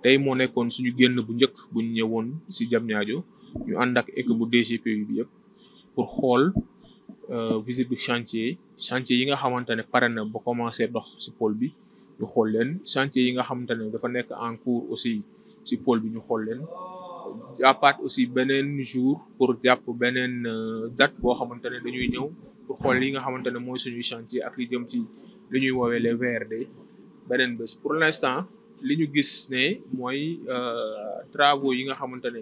tey mo nekkoon suñu génn bu njëkk buñ ñëwoon si jam ñaajo ñu ànd ak équipe bu DGPU bi yëpp pour xool euh, visite du chantier chantier yi nga xamante ne pare na ba commencé dox si pôle bi ñu xool leen chantier yi nga xamante ne dafa nekk en cours aussi si pôle bi ñu xool leen jàppaat aussi beneen jour pour jàpp beneen euh, date boo xamante ne dañuy ñëw pour xool li nga xamante ne mooy suñuy chantier ak li jëm ci li ñuy woowee les VRD beneen bés pour l'instant li ñu gis ne mooy euh, travaux yi nga xamante ne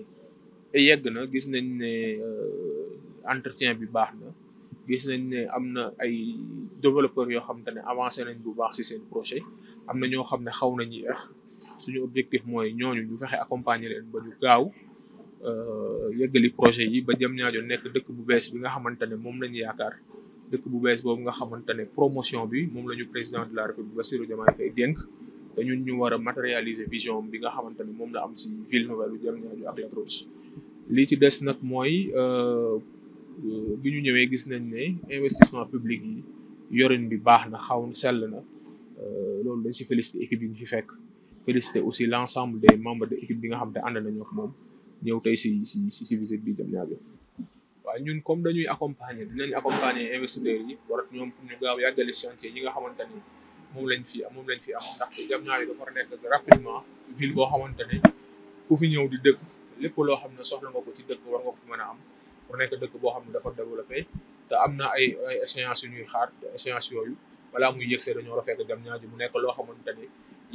yegg na gis nañ ne euh, entretien bi baax na gis nañ ne am na ay développeur yoo xamante ne avancé nañ bu baax ci seen projet am na ñoo xam ne xaw nañu yéex suñu objectif mooy ñooñu ñu fexe accompagner leen ba ñu gaaw euh, yeggali projet yi ba jëm ñaajo nekk dëkk bu bees bi nga xamante ne moom lañu yaakaar dëkk bu bees boobu nga xamante ne promotion bi moom la ñu président de la république Bassirou Diomaye Faye dénk te ñun ñu war a matérialiser vision bi nga xamante ni moom la am si ville nouvelle bi Diamniadio ak La Crosse li ci des nag mooy euh, euh, bi ñu ñëwee gis nañ ne investissement public yi yorin bi baax na xaw sell na euh, loolu dañ si féliciter équipe bi ñu fi fekk féliciter aussi l' ensemble des membres de équipe bi nga xam te ànd nañu ak moom ñëw tey si si si si visite bi Diamniadio waaye ñun comme dañuy accompagner dinañ accompagner investisseurs yi warat ñoom ñu gaaw yàggale chantier yi nga xamante ni moom lañ fi am lañ fi am ndax Diamniadio dafa war a nekk rapidement ville boo xamante ne ku fi ñëw di dëkk lépp loo xam ne soxla nga ko ci dëkk war nga ko fi mën a am pour nekk dëkk boo xam ne dafa développé te am na ay ay échéances yu ñuy xaar te yooyu balaa muy yëgsee dañoo war a fekk Diamniadio mu nekk loo xamante ne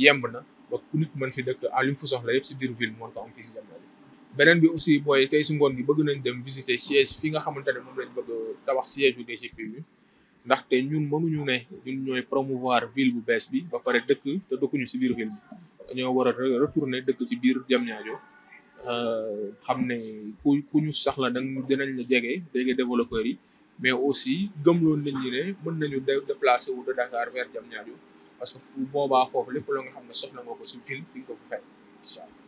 yemb na ba ku nit mën fi dëkk en li mu fa soxla yëpp si biir ville mën ko am fii si Diamniadio beneen bi aussi booy tey si ngoon gi bëgg nañ dem visiter siège fi nga xamante ne moom lañ bëgg tabax siège yu DGPU ndaxte ñun mënuñu ne ñun ñooy promouvoir ville bu bees bi ba pare dëkk te dëkkuñu si biir ville bi dañoo war a retourner dëkk ci biir Diamniadio euh, xam ne ku ku ñu saxla da dinañ la jege jege développeurs yi mais aussi gëmloon nañ ñi ne mën nañu déplacer wu de Dakar vers Diamniadio parce que fu boobaa foofu lépp loo nga xam ne soxla nga ko si ville di ko fa